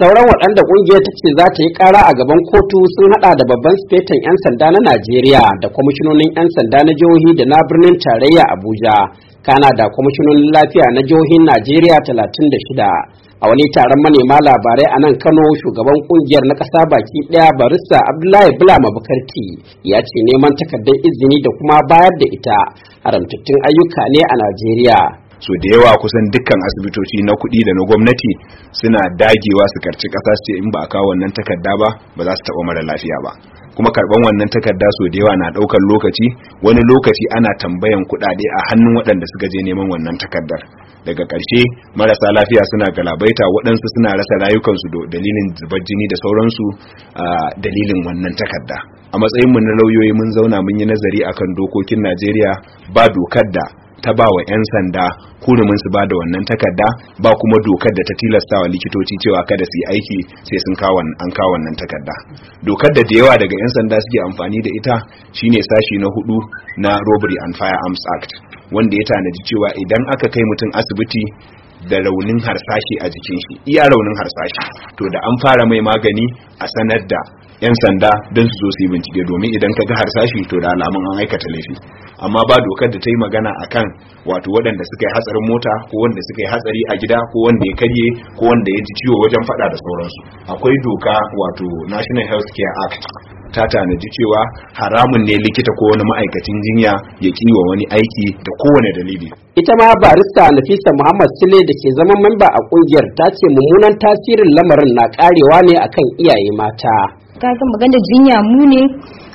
sauran waɗanda ƙungiyar ta ce za ta yi ƙara a gaban kotu sun haɗa da babban sifetan 'yan sanda na najeriya da kwamishinonin 'yan sanda na jihohi da na birnin tarayya abuja kana da kwamishinonin lafiya na jihohin najeriya talatin da shida. a wani taron manema labarai a nan kano shugaban ƙungiyar na ƙasa baki ɗaya barista abdullahi bula mabukarti ya ce neman takardar izini da kuma bayar da ita haramtattun ayyuka ne a najeriya so da yawa kusan dukkan asibitoci na kuɗi da na gwamnati suna dagewa su karci ƙasa su ce in ba a kawo wannan takarda ba ba za su taɓa mara lafiya ba kuma karban wannan takarda so da yawa na ɗaukar lokaci wani lokaci ana tambayan kuɗaɗe a hannun waɗanda suka je neman wannan takardar daga ƙarshe marasa lafiya suna galabaita waɗansu suna rasa rayukansu dalilin zubar jini da sauransu a dalilin wannan takarda a matsayinmu na lauyoyi mun zauna mun yi nazari akan dokokin najeriya ba dokar da ta ba wa 'yan sanda hurumin su ba da wannan takarda ba kuma dokar da ta tilasta wa likitoci cewa kada su yi aiki sai sun kawo an kawo wannan takarda dokar da da yawa daga 'yan sanda suke amfani da ita shine sashi na hudu na robbery and firearms act wanda ya tanadi cewa idan aka kai mutum asibiti da raunin harsashi a jikin shi iya raunin harsashi to da an fara mai magani a sanar da yan sanda don su zo su yi bincike domin idan ka ga harsashi to da alamun an aikata laifi amma ba dokar da ta yi magana akan wato waɗanda suka yi hatsarin mota ko wanda suka yi hatsari a gida ko wanda ya karye ko wanda ya ji ciwo wajen faɗa da sauransu akwai doka wato national health care act ta tanaji cewa haramun ne likita ko wani ma'aikacin jinya ya wa wani aiki da kowane dalili. Ita ma barista Nafisa Muhammad Sule da ke zaman mamba a kungiyar ta ce mummunan tasirin lamarin na karewa ne akan iyaye mata. Ka kaga magana jinya mu ne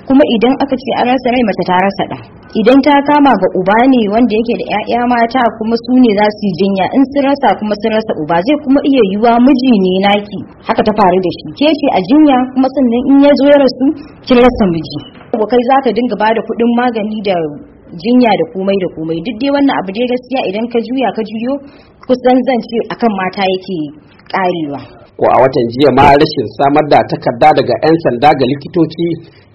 kuma idan aka ce an rasa rai mace ta rasa da idan ta kama ga uba ne wanda yake da 'ya'ya mata kuma su ne za su jinya in sun rasa kuma sun rasa uba zai kuma iya yiwa miji ne naki haka ta faru da shi ke ce a jinya kuma sannan in ya zo ya rasu kin rasa miji kai zaka dinga bada kuɗin magani da jinya da komai da komai duk dai wannan abu dai gaskiya idan ka juya ka juyo kusan zan ce akan mata yake karewa ko a watan jiya ma rashin samar da takarda daga 'yan sanda ga likitoci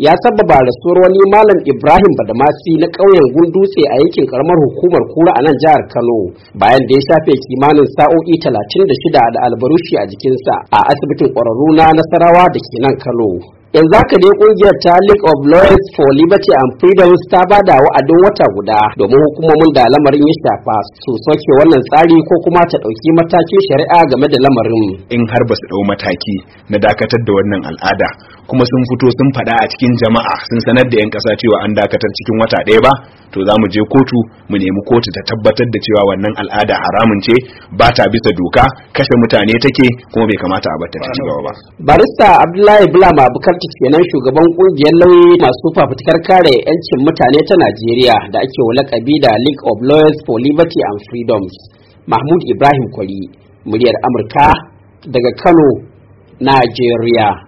ya sababa rasuwar wani malam ibrahim badamasi na ƙauyen gundutse a yankin karamar hukumar kura a nan jihar kano bayan da ya shafe kimanin sa'o'i 36 da albarushi a jikinsa a asibitin ƙwararru na nasarawa da ke nan kano yanzu haka ne kungiyar ta league of lawyers for liberty and freedom ta ba da wa'adin wata guda domin hukumomin da lamarin ya shafa su soke wannan tsari ko kuma ta ɗauki matakin shari'a game da lamarin in har ba su ɗau mataki na dakatar da wannan al'ada kuma sun fito sun faɗa a cikin jama'a sun sanar da 'yan ƙasa cewa an dakatar cikin wata ɗaya ba to za mu je kotu mu nemi kotu ta tabbatar da cewa wannan al'ada haramun ce ba ta bisa doka kashe mutane take kuma bai kamata a batta ci gaba ba. barista abdullahi bulama bukarti kenan shugaban kungiyar lauyoyi masu fafutukar kare 'yancin mutane ta najeriya da ake walakabi da league of lawyers for liberty and freedoms mahmud ibrahim kwari muryar amurka daga kano najeriya